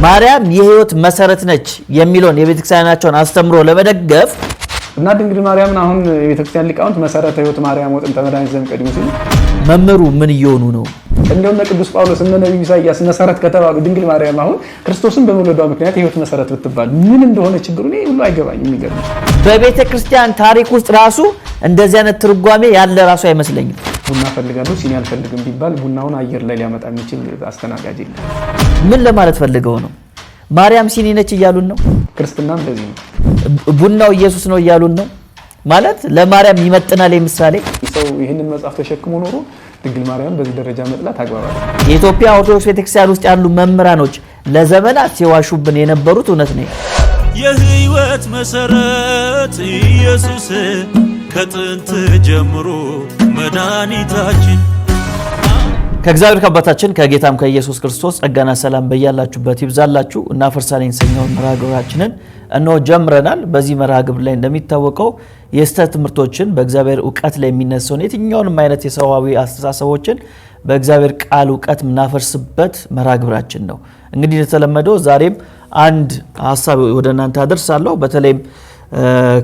ማርያም የህይወት መሰረት ነች የሚለውን የቤተክርስቲያናቸውን አስተምሮ ለመደገፍ እና ድንግል ማርያምን አሁን የቤተክርስቲያን ሊቃውንት መሰረተ ህይወት ማርያም ወጥንተ መድኃኒት ዘእምቀድሙ ሲል መምህሩ ምን እየሆኑ ነው? እንደውም እነ ቅዱስ ጳውሎስ እነ ነቢዩ ኢሳያስ መሰረት ከተባሉ ድንግል ማርያም አሁን ክርስቶስን በመውለዷ ምክንያት ህይወት መሰረት ብትባል ምን እንደሆነ ችግሩ እኔ ሁሉ አይገባኝ። የሚገርም በቤተ ክርስቲያን ታሪክ ውስጥ ራሱ እንደዚህ አይነት ትርጓሜ ያለ ራሱ አይመስለኝም። ቡና ፈልጋለሁ ሲኒ አልፈልግም ቢባል ቡናውን አየር ላይ ሊያመጣ የሚችል አስተናጋጅ የለም። ምን ለማለት ፈልገው ነው? ማርያም ሲኒ ነች እያሉን ነው። ክርስትና እንደዚህ ነው። ቡናው ኢየሱስ ነው እያሉን ነው። ማለት ለማርያም ይመጥናል። ምሳሌ ሰው ይህንን መጽሐፍ ተሸክሞ ኖሮ ድንግል ማርያም በዚህ ደረጃ መጥላት አግባባል። የኢትዮጵያ ኦርቶዶክስ ቤተክርስቲያን ውስጥ ያሉ መምህራኖች ለዘመናት ሲዋሹብን የነበሩት እውነት ነው። የህይወት መሰረት ኢየሱስ ከጥንት ጀምሮ መድኃኒታችን ከእግዚአብሔር ከአባታችን ከጌታም ከኢየሱስ ክርስቶስ ጸጋና ሰላም በያላችሁበት ይብዛላችሁ። እናፈርሳለን የተሰኘውን መርሃ ግብራችንን እነሆ ጀምረናል። በዚህ መርሃ ግብር ላይ እንደሚታወቀው የስህተት ትምህርቶችን በእግዚአብሔር እውቀት ላይ የሚነሳውን የትኛውንም አይነት የሰዋዊ አስተሳሰቦችን በእግዚአብሔር ቃል እውቀት የምናፈርስበት መርሃ ግብራችን ነው። እንግዲህ እንደተለመደው ዛሬም አንድ ሀሳብ ወደ እናንተ አደርሳለሁ። በተለይም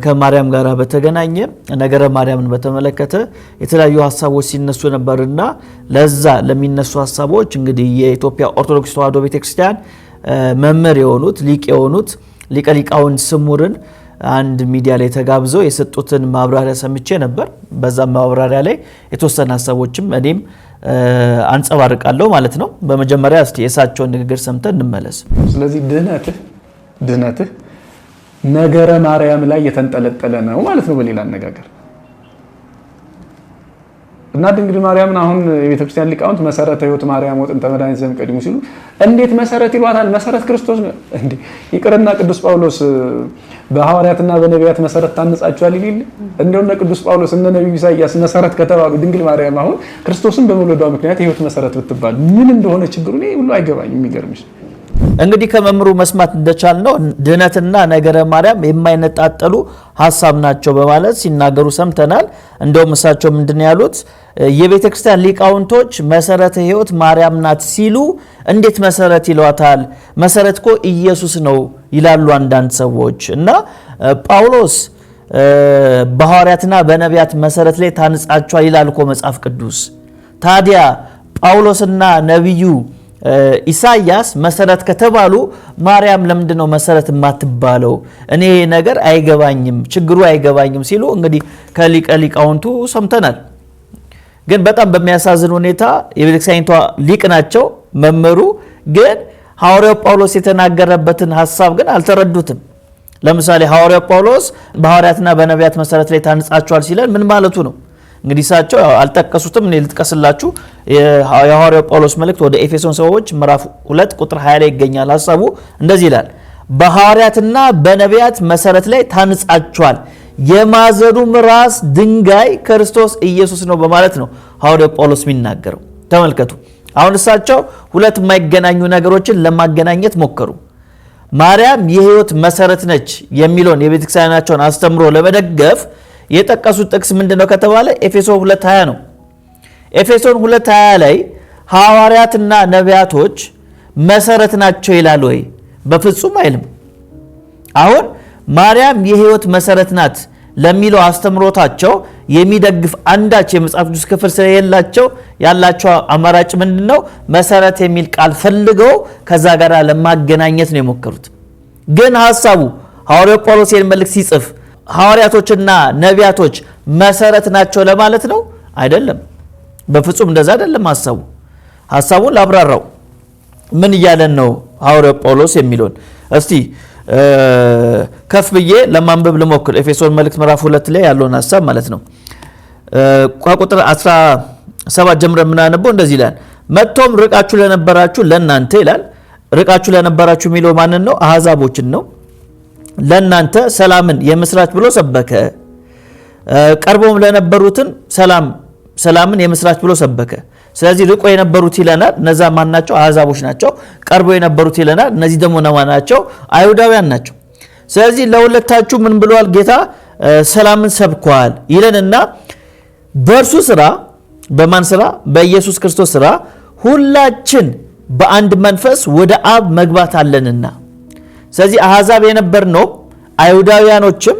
ከማርያም ጋር በተገናኘ ነገረ ማርያምን በተመለከተ የተለያዩ ሀሳቦች ሲነሱ ነበርና ለዛ ለሚነሱ ሀሳቦች እንግዲህ የኢትዮጵያ ኦርቶዶክስ ተዋሕዶ ቤተክርስቲያን መምህር የሆኑት ሊቅ የሆኑት ሊቀ ስሙርን አንድ ሚዲያ ላይ ተጋብዘው የሰጡትን ማብራሪያ ሰምቼ ነበር። በዛም ማብራሪያ ላይ የተወሰነ ሀሳቦችም እኔም አንጸባርቃለሁ ማለት ነው። በመጀመሪያ እስቲ የእሳቸውን ንግግር ሰምተን እንመለስ። ስለዚህ ድህነትህ ድህነትህ ነገረ ማርያም ላይ የተንጠለጠለ ነው ማለት ነው። በሌላ አነጋገር እና ድንግል ማርያምን አሁን የቤተክርስቲያን ሊቃውንት መሰረተ ህይወት ማርያም ወጥንተ መድኃኒት ዘእምቀድሙ ሲሉ እንዴት መሰረት ይሏታል? መሰረት ክርስቶስ ነው ይቅርና ቅዱስ ጳውሎስ በሐዋርያትና በነቢያት መሰረት ታነጻችኋል ይል እንደውና ቅዱስ ጳውሎስ እነ ነቢዩ ኢሳያስ መሰረት ከተባሉ ድንግል ማርያም አሁን ክርስቶስን በመውለዷ ምክንያት የሕይወት መሰረት ብትባል ምን እንደሆነ ችግሩ ሁሉ አይገባኝ። የሚገርምሽ እንግዲህ ከመምህሩ መስማት እንደቻልነው ድህነትና ነገረ ማርያም የማይነጣጠሉ ሀሳብ ናቸው በማለት ሲናገሩ ሰምተናል። እንደውም እሳቸው ምንድን ያሉት የቤተ ክርስቲያን ሊቃውንቶች መሰረተ ሕይወት ማርያም ናት ሲሉ እንዴት መሰረት ይሏታል? መሰረት እኮ ኢየሱስ ነው ይላሉ አንዳንድ ሰዎች እና ጳውሎስ በሐዋርያትና በነቢያት መሰረት ላይ ታንጻቸዋል ይላል እኮ መጽሐፍ ቅዱስ። ታዲያ ጳውሎስና ነቢዩ ኢሳያስ መሰረት ከተባሉ ማርያም ለምንድን ነው መሰረት የማትባለው? እኔ ነገር አይገባኝም፣ ችግሩ አይገባኝም ሲሉ እንግዲህ ከሊቀ ሊቃውንቱ ሰምተናል። ግን በጣም በሚያሳዝን ሁኔታ የቤተክርስቲያኒቷ ሊቅ ናቸው መምህሩ፣ ግን ሐዋርያው ጳውሎስ የተናገረበትን ሀሳብ ግን አልተረዱትም። ለምሳሌ ሐዋርያው ጳውሎስ በሐዋርያትና በነቢያት መሰረት ላይ ታንጻቸዋል ሲለን ምን ማለቱ ነው? እንግዲህ እሳቸው አልጠቀሱትም፣ እኔ ልጥቀስላችሁ። የሐዋርያው ጳውሎስ መልእክት ወደ ኤፌሶን ሰዎች ምዕራፍ 2 ቁጥር 20 ላይ ይገኛል። ሀሳቡ እንደዚህ ይላል፣ በሐዋርያትና በነቢያት መሰረት ላይ ታንጻችኋል፣ የማዕዘኑም ራስ ድንጋይ ክርስቶስ ኢየሱስ ነው በማለት ነው ሐዋርያው ጳውሎስ የሚናገረው። ተመልከቱ። አሁን እሳቸው ሁለት የማይገናኙ ነገሮችን ለማገናኘት ሞከሩ። ማርያም የህይወት መሰረት ነች የሚለውን የቤተክርስቲያናቸውን አስተምሮ ለመደገፍ የጠቀሱት ጥቅስ ምንድን ነው ከተባለ ኤፌሶን 220 ነው። ኤፌሶን 220 ላይ ሐዋርያትና ነቢያቶች መሰረት ናቸው ይላል ወይ? በፍጹም አይልም። አሁን ማርያም የህይወት መሰረት ናት ለሚለው አስተምሮታቸው የሚደግፍ አንዳች የመጽሐፍ ቅዱስ ክፍል ስለሌላቸው ያላቸው አማራጭ ምንድን ነው? መሰረት የሚል ቃል ፈልገው ከዛ ጋር ለማገናኘት ነው የሞከሩት። ግን ሀሳቡ ሐዋርያው ጳውሎስ መልእክት ሲጽፍ ሐዋርያቶችና ነቢያቶች መሰረት ናቸው ለማለት ነው? አይደለም። በፍጹም እንደዛ አይደለም ሀሳቡ። ሀሳቡን ላብራራው። ምን እያለን ነው ሐዋርያው ጳውሎስ የሚለውን እስቲ ከፍ ብዬ ለማንበብ ልሞክር። ኤፌሶን መልእክት ምዕራፍ ሁለት ላይ ያለውን ሀሳብ ማለት ነው። ከቁጥር 17 ጀምረ የምናነበው እንደዚህ ይላል። መጥቶም ርቃችሁ ለነበራችሁ ለእናንተ ይላል። ርቃችሁ ለነበራችሁ የሚለው ማንን ነው? አሕዛቦችን ነው ለእናንተ ሰላምን የምስራች ብሎ ሰበከ። ቀርቦም ለነበሩትን ሰላም ሰላምን የምስራች ብሎ ሰበከ። ስለዚህ ርቆ የነበሩት ይለናል። እነዛ ማን ናቸው? አሕዛቦች ናቸው። ቀርቦ የነበሩት ይለናል። እነዚህ ደግሞ ነማ ናቸው? አይሁዳውያን ናቸው። ስለዚህ ለሁለታችሁ ምን ብለዋል? ጌታ ሰላምን ሰብኳል ይለንና በእርሱ ስራ፣ በማን ስራ? በኢየሱስ ክርስቶስ ስራ ሁላችን በአንድ መንፈስ ወደ አብ መግባት አለንና ስለዚህ አሕዛብ የነበር ነው አይሁዳውያኖችም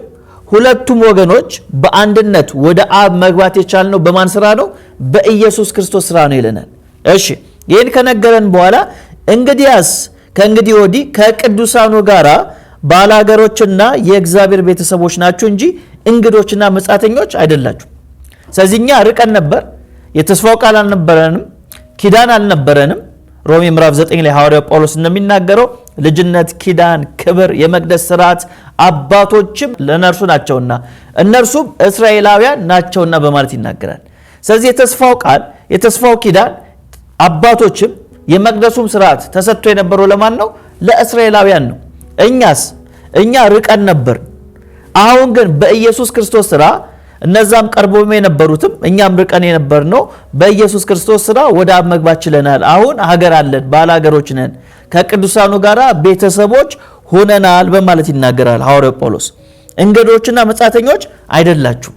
ሁለቱም ወገኖች በአንድነት ወደ አብ መግባት የቻልነው በማን ስራ ነው? በኢየሱስ ክርስቶስ ስራ ነው ይለናል። እሺ ይህን ከነገረን በኋላ እንግዲያስ ከእንግዲህ ወዲህ ከቅዱሳኑ ጋር ባላገሮችና የእግዚአብሔር ቤተሰቦች ናችሁ እንጂ እንግዶችና መጻተኞች አይደላችሁ። ስለዚህ እኛ ርቀን ነበር፣ የተስፋው ቃል አልነበረንም፣ ኪዳን አልነበረንም። ሮሜ ምዕራፍ 9 ላይ ሐዋርያው ጳውሎስ እንደሚናገረው ልጅነት፣ ኪዳን፣ ክብር፣ የመቅደስ ስርዓት አባቶችም ለእነርሱ ናቸውና እነርሱም እስራኤላውያን ናቸውና በማለት ይናገራል። ስለዚህ የተስፋው ቃል የተስፋው ኪዳን አባቶችም የመቅደሱም ስርዓት ተሰጥቶ የነበረው ለማን ነው? ለእስራኤላውያን ነው። እኛስ እኛ ርቀን ነበር። አሁን ግን በኢየሱስ ክርስቶስ ስራ እነዛም ቀርቦም የነበሩትም እኛም ርቀን የነበር ነው በኢየሱስ ክርስቶስ ስራ ወደ አብ መግባት ችለናል። አሁን ሀገር አለን፣ ባለ ሀገሮች ነን፣ ከቅዱሳኑ ጋር ቤተሰቦች ሆነናል በማለት ይናገራል ሐዋርያው ጳውሎስ። እንግዶችና መጻተኞች አይደላችሁ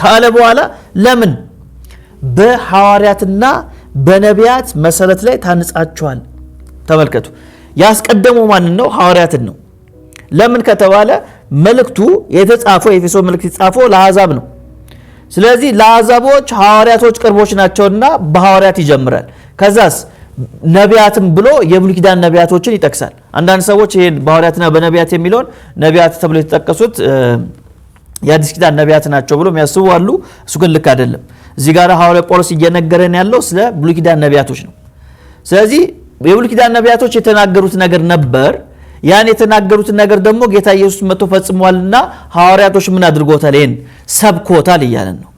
ካለ በኋላ ለምን በሐዋርያትና በነቢያት መሰረት ላይ ታንጻችኋል። ተመልከቱ፣ ያስቀደመው ማንን ነው? ሐዋርያትን ነው። ለምን ከተባለ መልእክቱ የተጻፈው የኤፌሶ መልእክት የተጻፈው ለአሕዛብ ነው። ስለዚህ ለአሕዛቦች ሐዋርያቶች ቅርቦች ናቸውና በሐዋርያት ይጀምራል። ከዛስ ነቢያትም ብሎ የብሉይ ኪዳን ነቢያቶችን ይጠቅሳል። አንዳንድ ሰዎች ይህን በሐዋርያትና በነቢያት የሚለውን ነቢያት ተብሎ የተጠቀሱት የአዲስ ኪዳን ነቢያት ናቸው ብሎ የሚያስቡ አሉ። እሱ ግን ልክ አይደለም። እዚህ ጋር ሐዋርያ ጳውሎስ እየነገረን ያለው ስለ ብሉይ ኪዳን ነቢያቶች ነው። ስለዚህ የብሉይ ኪዳን ነቢያቶች የተናገሩት ነገር ነበር ያን የተናገሩትን ነገር ደግሞ ጌታ ኢየሱስ መጥቶ ፈጽሟልና ሐዋርያቶች ምን አድርጎታል? ይህን ሰብኮታል እያለን ነው።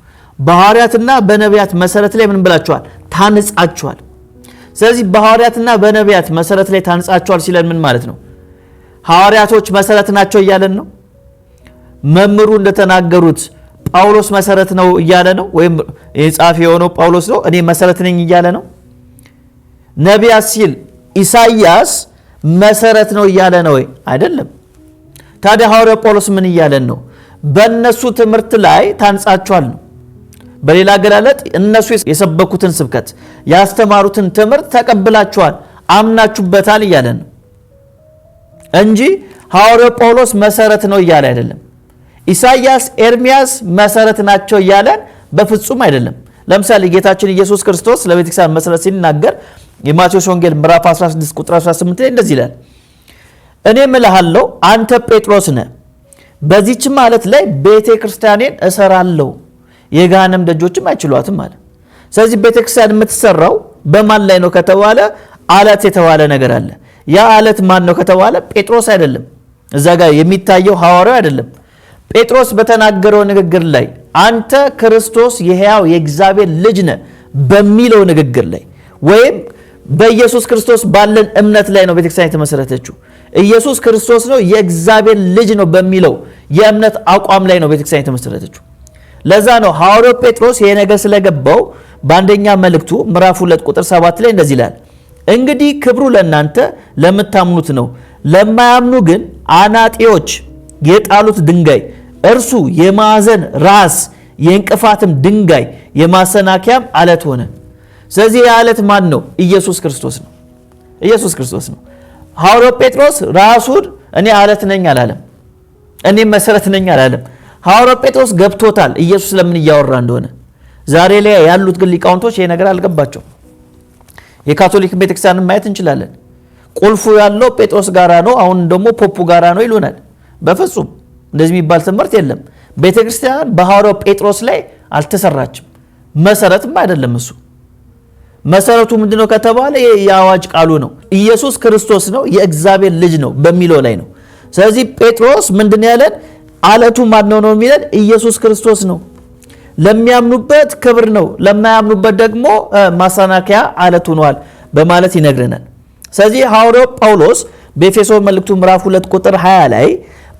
በሐዋርያትና በነቢያት መሰረት ላይ ምን ብላችኋል? ታንጻችኋል። ስለዚህ በሐዋርያትና በነቢያት መሰረት ላይ ታንጻችኋል ሲለን ምን ማለት ነው? ሐዋርያቶች መሰረት ናቸው እያለን ነው። መምህሩ እንደተናገሩት ጳውሎስ መሰረት ነው እያለ ነው። ወይም ጸሐፊ የሆነው ጳውሎስ ነው እኔ መሰረት ነኝ እያለ ነው። ነቢያት ሲል ኢሳይያስ መሰረት ነው እያለ ነው አይደለም። ታዲያ ሐዋርያው ጳውሎስ ምን እያለን ነው? በእነሱ ትምህርት ላይ ታንጻችኋል ነው። በሌላ አገላለጥ እነሱ የሰበኩትን ስብከት ያስተማሩትን ትምህርት ተቀብላችኋል፣ አምናችሁበታል እያለን ነው እንጂ ሐዋርያው ጳውሎስ መሰረት ነው እያለ አይደለም። ኢሳይያስ፣ ኤርሚያስ መሰረት ናቸው እያለን በፍጹም አይደለም። ለምሳሌ ጌታችን ኢየሱስ ክርስቶስ ለቤተክርስቲያን መሰረት ሲናገር የማቴዎስ ወንጌል ምዕራፍ 16 ቁጥር 18 ላይ እንደዚህ ይላል፣ እኔም እልሃለሁ አንተ ጴጥሮስ ነህ፣ በዚች ማለት ላይ ቤተ ክርስቲያኔን እሰራለሁ፣ የገሃነም ደጆችም አይችሏትም አለ። ስለዚህ ቤተ ክርስቲያን የምትሰራው በማን ላይ ነው ከተባለ አለት የተባለ ነገር አለ። ያ አለት ማን ነው ከተባለ ጴጥሮስ አይደለም። እዛ ጋር የሚታየው ሐዋርያው አይደለም። ጴጥሮስ በተናገረው ንግግር ላይ አንተ ክርስቶስ የሕያው የእግዚአብሔር ልጅ ነ በሚለው ንግግር ላይ ወይም በኢየሱስ ክርስቶስ ባለን እምነት ላይ ነው ቤተክርስቲያን የተመሰረተችው። ኢየሱስ ክርስቶስ ነው የእግዚአብሔር ልጅ ነው በሚለው የእምነት አቋም ላይ ነው ቤተክርስቲያን የተመሰረተችው። ለዛ ነው ሐዋርያው ጴጥሮስ ይሄ ነገር ስለገባው በአንደኛ መልእክቱ ምዕራፍ 2 ቁጥር 7 ላይ እንደዚህ ይላል፣ እንግዲህ ክብሩ ለእናንተ ለምታምኑት ነው፣ ለማያምኑ ግን አናጢዎች የጣሉት ድንጋይ እርሱ የማዕዘን ራስ የእንቅፋትም ድንጋይ የማሰናከያም አለት ሆነ። ስለዚህ የአለት ማን ነው? ኢየሱስ ክርስቶስ ነው። ኢየሱስ ክርስቶስ ነው። ሐዋርያው ጴጥሮስ ራሱን እኔ አለት ነኝ አላለም። እኔም መሰረት ነኝ አላለም። ሐዋርያው ጴጥሮስ ገብቶታል ኢየሱስ ለምን እያወራ እንደሆነ። ዛሬ ላይ ያሉት ግን ሊቃውንቶች ይሄ ነገር አልገባቸው። የካቶሊክ ቤተክርስቲያንን ማየት እንችላለን። ቁልፉ ያለው ጴጥሮስ ጋራ ነው፣ አሁን ደግሞ ፖፑ ጋራ ነው ይሉናል። በፍጹም እንደዚህ የሚባል ትምህርት የለም። ቤተ ክርስቲያን በሐዋርያው ጴጥሮስ ላይ አልተሰራችም። መሰረትም አይደለም እሱ። መሰረቱ ምንድነው ከተባለ የአዋጅ ቃሉ ነው። ኢየሱስ ክርስቶስ ነው የእግዚአብሔር ልጅ ነው በሚለው ላይ ነው። ስለዚህ ጴጥሮስ ምንድን ያለን አለቱ ማነው ነው የሚለን? ኢየሱስ ክርስቶስ ነው። ለሚያምኑበት ክብር ነው፣ ለማያምኑበት ደግሞ ማሰናከያ አለት ሆኗል በማለት ይነግረናል። ስለዚህ ሐዋርያው ጳውሎስ በኤፌሶ መልእክቱ ምዕራፍ 2 ቁጥር 20 ላይ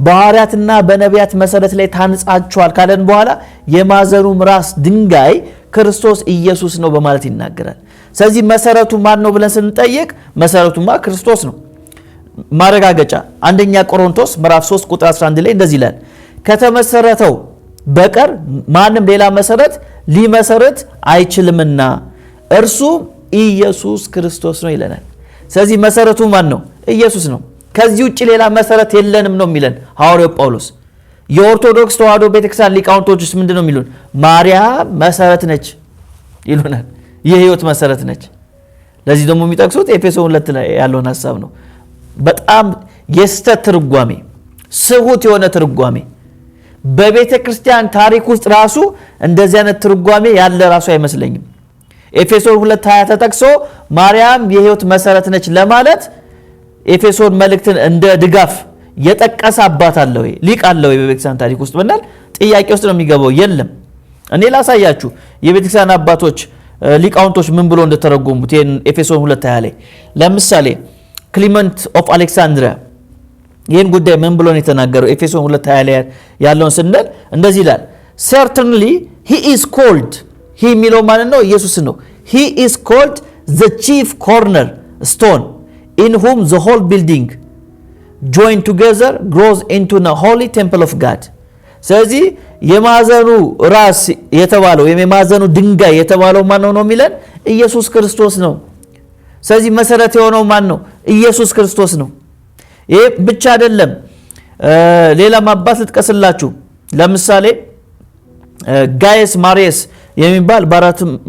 በሐዋርያትና በነቢያት መሰረት ላይ ታንጻችኋል ካለን በኋላ የማዕዘኑም ራስ ድንጋይ ክርስቶስ ኢየሱስ ነው በማለት ይናገራል። ስለዚህ መሰረቱ ማን ነው ብለን ስንጠይቅ መሰረቱማ ክርስቶስ ነው። ማረጋገጫ አንደኛ ቆሮንቶስ ምዕራፍ 3 ቁጥር 11 ላይ እንደዚህ ይላል፣ ከተመሰረተው በቀር ማንም ሌላ መሰረት ሊመሰረት አይችልምና እርሱም ኢየሱስ ክርስቶስ ነው ይለናል። ስለዚህ መሰረቱ ማን ነው? ኢየሱስ ነው። ከዚህ ውጭ ሌላ መሰረት የለንም ነው የሚለን ሐዋርያው ጳውሎስ። የኦርቶዶክስ ተዋህዶ ቤተክርስቲያን ሊቃውንቶች ውስጥ ምንድን ነው የሚሉን? ማርያም መሰረት ነች ይሉናል። የህይወት መሰረት ነች። ለዚህ ደግሞ የሚጠቅሱት ኤፌሶ ሁለት ላይ ያለውን ሀሳብ ነው። በጣም የስተት ትርጓሜ፣ ስሁት የሆነ ትርጓሜ በቤተ ክርስቲያን ታሪክ ውስጥ ራሱ እንደዚህ አይነት ትርጓሜ ያለ ራሱ አይመስለኝም። ኤፌሶ ሁለት ሀያ ተጠቅሶ ማርያም የህይወት መሰረት ነች ለማለት ኤፌሶን መልእክትን እንደ ድጋፍ የጠቀሰ አባት አለ ወይ ሊቅ አለ ወይ በቤተክርስቲያን ታሪክ ውስጥ ብናል ጥያቄ ውስጥ ነው የሚገባው። የለም። እኔ ላሳያችሁ የቤተክርስቲያን አባቶች ሊቃውንቶች ምን ብሎ እንደተረጎሙት ይህን ኤፌሶን ሁለት ሀያ ላይ ለምሳሌ ክሊመንት ኦፍ አሌክሳንድሪያ ይህን ጉዳይ ምን ብሎ ነው የተናገረው? ኤፌሶን ሁለት ሀያ ላይ ያለውን ስንል እንደዚህ ይላል ሰርትንሊ ሂ ኢዝ ኮልድ ሂ የሚለው ማለት ነው ኢየሱስ ነው ሂ ኢዝ ኮልድ ዘ ቺፍ ኮርነር ስቶን in whom the whole building joined together grows into the holy temple of God ስለዚህ የማዕዘኑ ራስ የተባለው ወይም የማዕዘኑ ድንጋይ የተባለው ማን ነው የሚለን ኢየሱስ ክርስቶስ ነው ስለዚህ መሰረት የሆነው ማን ነው ኢየሱስ ክርስቶስ ነው ይህ ብቻ አይደለም ሌላም አባት ልጥቀስላችሁ ለምሳሌ ጋየስ ማሪየስ የሚባል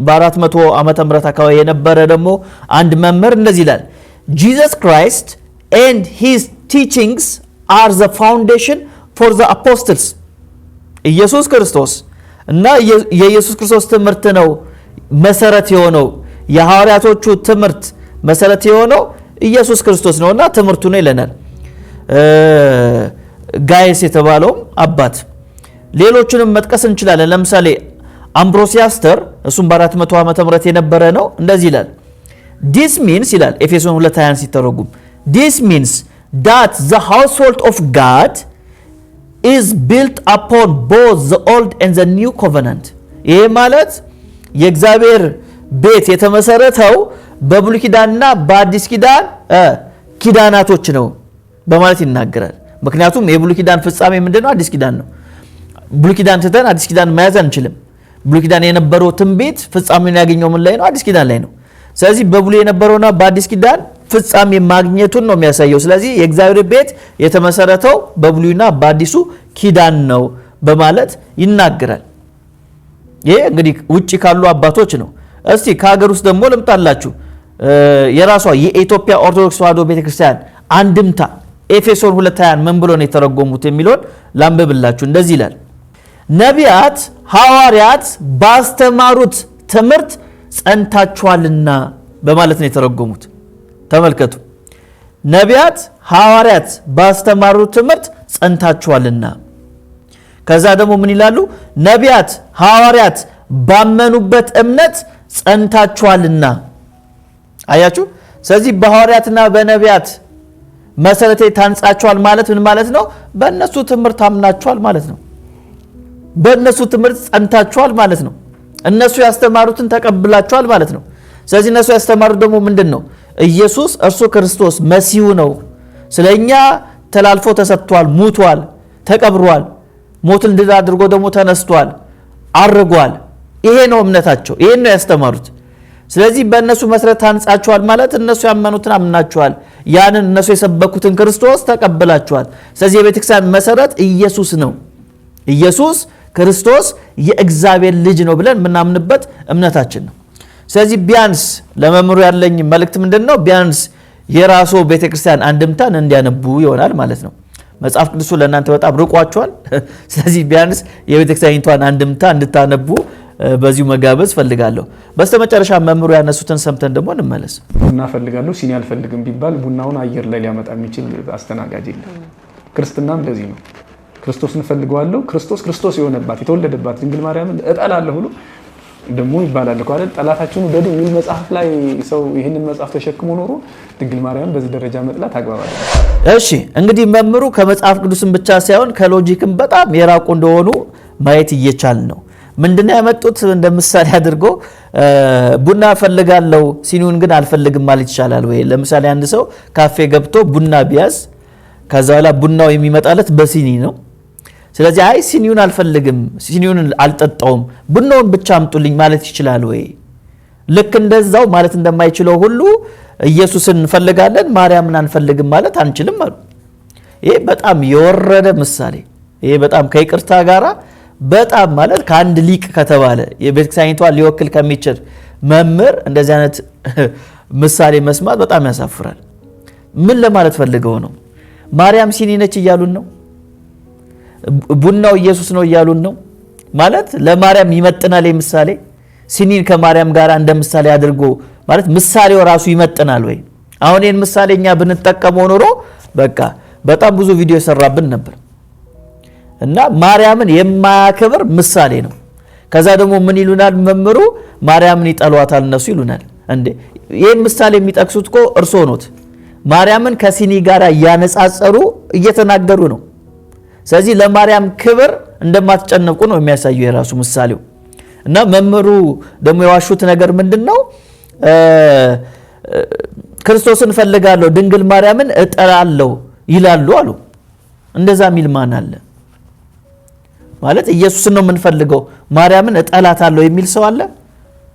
በአራት መቶ ዓመተ ምህረት አካባቢ የነበረ ደግሞ አንድ መምህር እንደዚህ ይላል Jesus Christ and his teachings are the foundation for the apostles. ኢየሱስ ክርስቶስ እና የኢየሱስ ክርስቶስ ትምህርት ነው መሰረት የሆነው የሐዋርያቶቹ ትምህርት መሰረት የሆነው ኢየሱስ ክርስቶስ ነውና ትምህርቱ ነው ይለናል። ጋይስ የተባለውም አባት ሌሎችንም መጥቀስ እንችላለን። ለምሳሌ አምብሮሲያስተር እሱም በ400 ዓመተ ምህረት የነበረ ነው። እንደዚህ ይላል ዲስ ሚንስ ይላል ኤፌሶን 2፡20 ሲተረጉም ዲስ ሚንስ ዳት ዘ ሃውስሆልድ ኦፍ ጋድ ኢዝ ቢልት አፖን ቦዝ ዘ ኦልድ ኤንድ ዘ ኒው ኮቨናንት። ይህ ማለት የእግዚአብሔር ቤት የተመሰረተው በብሉይ ኪዳንና በአዲስ ኪዳን ኪዳናቶች ነው በማለት ይናገራል። ምክንያቱም የብሉይ ኪዳን ፍጻሜ ምንድን ነው? አዲስ ኪዳን ነው። ብሉይ ኪዳን ትተን አዲስ ኪዳን መያዝ አንችልም። ብሉይ ኪዳን የነበረው ትንቢት ፍጻሜውን ያገኘው ምን ላይ ነው? አዲስ ኪዳን ላይ ነው። ስለዚህ በብሉ የነበረውና በአዲስ ኪዳን ፍጻሜ ማግኘቱን ነው የሚያሳየው። ስለዚህ የእግዚአብሔር ቤት የተመሰረተው በብሉይና በአዲሱ ኪዳን ነው በማለት ይናገራል። ይህ እንግዲህ ውጭ ካሉ አባቶች ነው። እስቲ ከሀገር ውስጥ ደግሞ ልምጣላችሁ። የራሷ የኢትዮጵያ ኦርቶዶክስ ተዋዶ ቤተክርስቲያን አንድምታ ኤፌሶን ሁለት ምን ብሎ ነው የተረጎሙት የሚለውን ላንብብላችሁ። እንደዚህ ይላል። ነቢያት ሐዋርያት ባስተማሩት ትምህርት ጸንታችኋልና በማለት ነው የተረጎሙት። ተመልከቱ ነቢያት ሐዋርያት ባስተማሩት ትምህርት ጸንታችኋልና። ከዛ ደግሞ ምን ይላሉ? ነቢያት ሐዋርያት ባመኑበት እምነት ጸንታችኋልና። አያችሁ። ስለዚህ በሐዋርያትና በነቢያት መሰረቴ ታንጻችኋል ማለት ምን ማለት ነው? በእነሱ ትምህርት አምናችኋል ማለት ነው። በእነሱ ትምህርት ጸንታችኋል ማለት ነው። እነሱ ያስተማሩትን ተቀብላችኋል ማለት ነው። ስለዚህ እነሱ ያስተማሩት ደግሞ ምንድን ነው? ኢየሱስ እርሱ ክርስቶስ መሲሁ ነው። ስለ እኛ ተላልፎ ተሰጥቷል፣ ሙቷል፣ ተቀብሯል፣ ሞትን ድል አድርጎ ደግሞ ተነስቷል፣ አርጓል። ይሄ ነው እምነታቸው፣ ይሄን ነው ያስተማሩት። ስለዚህ በእነሱ መሰረት ታንጻችኋል ማለት እነሱ ያመኑትን አምናችኋል፣ ያንን እነሱ የሰበኩትን ክርስቶስ ተቀብላችኋል። ስለዚህ የቤተክርስቲያን መሰረት ኢየሱስ ነው ኢየሱስ ክርስቶስ የእግዚአብሔር ልጅ ነው ብለን የምናምንበት እምነታችን ነው። ስለዚህ ቢያንስ ለመምህሩ ያለኝ መልእክት ምንድን ነው? ቢያንስ የራሶ ቤተክርስቲያን አንድምታን እንዲያነቡ ይሆናል ማለት ነው። መጽሐፍ ቅዱሱ ለእናንተ በጣም ርቋቸዋል። ስለዚህ ቢያንስ የቤተክርስቲያኒቷን አንድምታ እንድታነቡ በዚሁ መጋበዝ ፈልጋለሁ። በስተመጨረሻ መምህሩ ያነሱትን ሰምተን ደግሞ እንመለስ። ቡና ፈልጋለሁ ሲኒ አልፈልግም ቢባል ቡናውን አየር ላይ ሊያመጣ የሚችል አስተናጋጅ የለም። ክርስትና እንደዚህ ነው። ክርስቶስ እፈልገዋለሁ፣ ክርስቶስ ክርስቶስ የሆነባት የተወለደባት ድንግል ማርያምን እጠላለሁ ብሎ ደግሞ ይባላል እኮ አይደል? ጠላታችሁን ውደዱ የሚል መጽሐፍ ላይ ሰው ይህንን መጽሐፍ ተሸክሞ ኖሮ ድንግል ማርያም በዚህ ደረጃ መጥላት አግባባል። እሺ እንግዲህ መምህሩ ከመጽሐፍ ቅዱስን ብቻ ሳይሆን ከሎጂክም በጣም የራቁ እንደሆኑ ማየት እየቻል ነው። ምንድነው ያመጡት? እንደ ምሳሌ አድርጎ ቡና እፈልጋለሁ ሲኒውን ግን አልፈልግም ማለት ይቻላል ወይ? ለምሳሌ አንድ ሰው ካፌ ገብቶ ቡና ቢያዝ ከዛ በኋላ ቡናው የሚመጣለት በሲኒ ነው ስለዚህ አይ ሲኒውን አልፈልግም፣ ሲኒውን አልጠጣውም፣ ቡናውን ብቻ አምጡልኝ ማለት ይችላል ወይ? ልክ እንደዛው ማለት እንደማይችለው ሁሉ ኢየሱስን እንፈልጋለን ማርያምን አንፈልግም ማለት አንችልም አሉ። ይሄ በጣም የወረደ ምሳሌ፣ ይሄ በጣም ከይቅርታ ጋራ በጣም ማለት ከአንድ ሊቅ ከተባለ የቤተክርስቲያኒቷ ሊወክል ከሚችል መምህር እንደዚህ አይነት ምሳሌ መስማት በጣም ያሳፍራል። ምን ለማለት ፈልገው ነው? ማርያም ሲኒ ነች እያሉን ነው ቡናው ኢየሱስ ነው እያሉን ነው ማለት ለማርያም ይመጥናል። ምሳሌ ሲኒን ከማርያም ጋር እንደ ምሳሌ አድርጎ ማለት ምሳሌው ራሱ ይመጥናል ወይ? አሁን ይህን ምሳሌ እኛ ብንጠቀመው ኖሮ በቃ በጣም ብዙ ቪዲዮ የሰራብን ነበር። እና ማርያምን የማያከብር ምሳሌ ነው። ከዛ ደግሞ ምን ይሉናል መምሩ ማርያምን ይጠሏታል እነሱ ይሉናል። እንዴ ይህን ምሳሌ የሚጠቅሱት እኮ እርሶ ኖት። ማርያምን ከሲኒ ጋር እያነጻጸሩ እየተናገሩ ነው። ስለዚህ ለማርያም ክብር እንደማትጨነቁ ነው የሚያሳየው የራሱ ምሳሌው። እና መምህሩ ደግሞ የዋሹት ነገር ምንድን ነው? ክርስቶስን ፈልጋለሁ ድንግል ማርያምን እጠራለሁ ይላሉ አሉ። እንደዛ ሚል ማን አለ? ማለት ኢየሱስን ነው የምንፈልገው ማርያምን እጠላታለሁ የሚል ሰው አለ?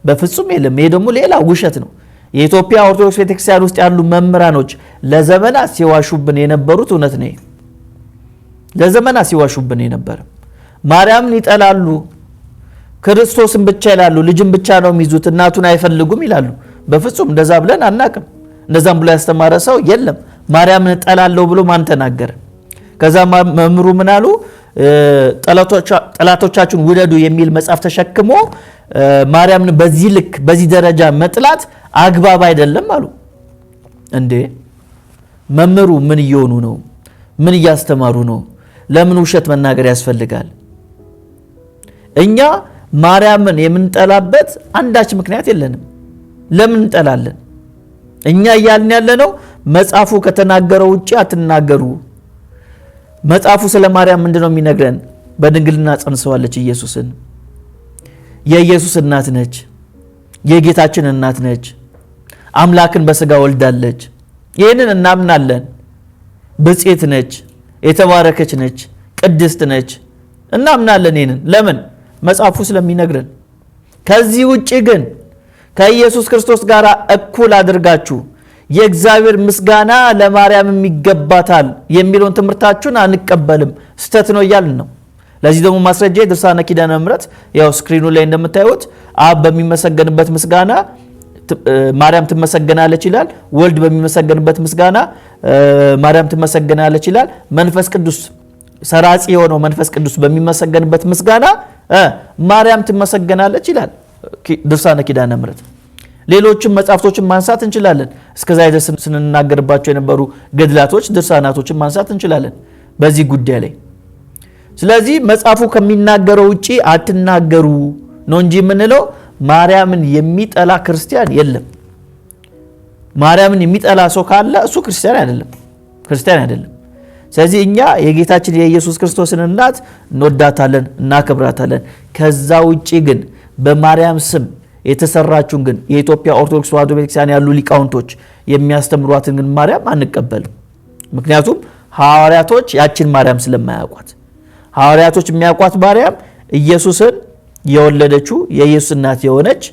በፍጹም የለም። ይሄ ደግሞ ሌላ ውሸት ነው። የኢትዮጵያ ኦርቶዶክስ ቤተክርስቲያን ውስጥ ያሉ መምህራኖች ለዘመናት ሲዋሹብን የነበሩት እውነት ነው። ለዘመናት ሲዋሹብን የነበረ ማርያምን ይጠላሉ፣ ክርስቶስን ብቻ ይላሉ፣ ልጅን ብቻ ነው የሚይዙት፣ እናቱን አይፈልጉም ይላሉ። በፍጹም እንደዛ ብለን አናቅም። እንደዛም ብሎ ያስተማረ ሰው የለም። ማርያምን እጠላለሁ ብሎ ማን ተናገረ? ከዛ መምህሩ ምን አሉ? ጠላቶቻችሁን ውደዱ የሚል መጽሐፍ ተሸክሞ ማርያምን በዚህ ልክ በዚህ ደረጃ መጥላት አግባብ አይደለም አሉ። እንዴ መምህሩ ምን እየሆኑ ነው? ምን እያስተማሩ ነው? ለምን ውሸት መናገር ያስፈልጋል? እኛ ማርያምን የምንጠላበት አንዳች ምክንያት የለንም። ለምን እንጠላለን? እኛ እያልን ያለነው መጽሐፉ ከተናገረው ውጭ አትናገሩ። መጽሐፉ ስለ ማርያም ምንድን ነው የሚነግረን? በድንግልና ጸንሰዋለች ኢየሱስን። የኢየሱስ እናት ነች። የጌታችን እናት ነች። አምላክን በስጋ ወልዳለች። ይህንን እናምናለን። ብጽት ነች። የተባረከች ነች፣ ቅድስት ነች። እናምናለን። ይህንን ለምን መጽሐፉ ስለሚነግረን። ከዚህ ውጭ ግን ከኢየሱስ ክርስቶስ ጋር እኩል አድርጋችሁ የእግዚአብሔር ምስጋና ለማርያምም ይገባታል የሚለውን ትምህርታችሁን አንቀበልም፣ ስተት ነው እያልን ነው። ለዚህ ደግሞ ማስረጃ የድርሳነ ኪዳነ ምሕረት ያው ስክሪኑ ላይ እንደምታዩት አብ በሚመሰገንበት ምስጋና ማርያም ትመሰገናለች ይላል። ወልድ በሚመሰገንበት ምስጋና ማርያም ትመሰገናለች ይላል። መንፈስ ቅዱስ ሰራጺ የሆነው መንፈስ ቅዱስ በሚመሰገንበት ምስጋና ማርያም ትመሰገናለች ይላል ድርሳነ ኪዳነ ምሕረት። ሌሎችም መጽሐፍቶችን ማንሳት እንችላለን። እስከዛ ድረስ ስንናገርባቸው የነበሩ ገድላቶች፣ ድርሳናቶችን ማንሳት እንችላለን በዚህ ጉዳይ ላይ። ስለዚህ መጽሐፉ ከሚናገረው ውጭ አትናገሩ ነው እንጂ የምንለው ማርያምን የሚጠላ ክርስቲያን የለም። ማርያምን የሚጠላ ሰው ካለ እሱ ክርስቲያን አይደለም፣ ክርስቲያን አይደለም። ስለዚህ እኛ የጌታችን የኢየሱስ ክርስቶስን እናት እንወዳታለን፣ እናከብራታለን። ከዛ ውጭ ግን በማርያም ስም የተሰራችውን ግን የኢትዮጵያ ኦርቶዶክስ ተዋሕዶ ቤተክርስቲያን ያሉ ሊቃውንቶች የሚያስተምሯትን ግን ማርያም አንቀበልም። ምክንያቱም ሐዋርያቶች ያችን ማርያም ስለማያውቋት ሐዋርያቶች የሚያውቋት ማርያም ኢየሱስን የወለደችው የኢየሱስ እናት የሆነች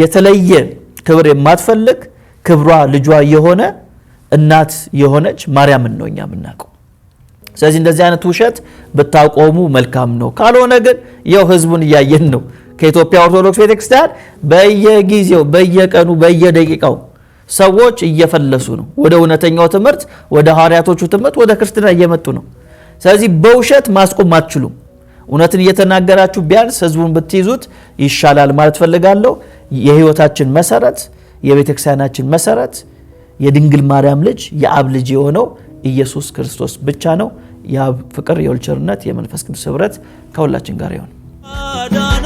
የተለየ ክብር የማትፈልግ ክብሯ ልጇ የሆነ እናት የሆነች ማርያምን ነው እኛ የምናውቀው። ስለዚህ እንደዚህ አይነት ውሸት ብታቆሙ መልካም ነው። ካልሆነ ግን ያው ህዝቡን እያየን ነው። ከኢትዮጵያ ኦርቶዶክስ ቤተክርስቲያን በየጊዜው በየቀኑ በየደቂቃው ሰዎች እየፈለሱ ነው። ወደ እውነተኛው ትምህርት፣ ወደ ሐዋርያቶቹ ትምህርት፣ ወደ ክርስትና እየመጡ ነው። ስለዚህ በውሸት ማስቆም አትችሉም። እውነትን እየተናገራችሁ ቢያንስ ህዝቡን ብትይዙት ይሻላል ማለት ፈልጋለሁ። የህይወታችን መሰረት፣ የቤተ ክርስቲያናችን መሰረት የድንግል ማርያም ልጅ የአብ ልጅ የሆነው ኢየሱስ ክርስቶስ ብቻ ነው። የአብ ፍቅር፣ የወልድ ቸርነት፣ የመንፈስ ቅዱስ ህብረት ከሁላችን ጋር ይሆን።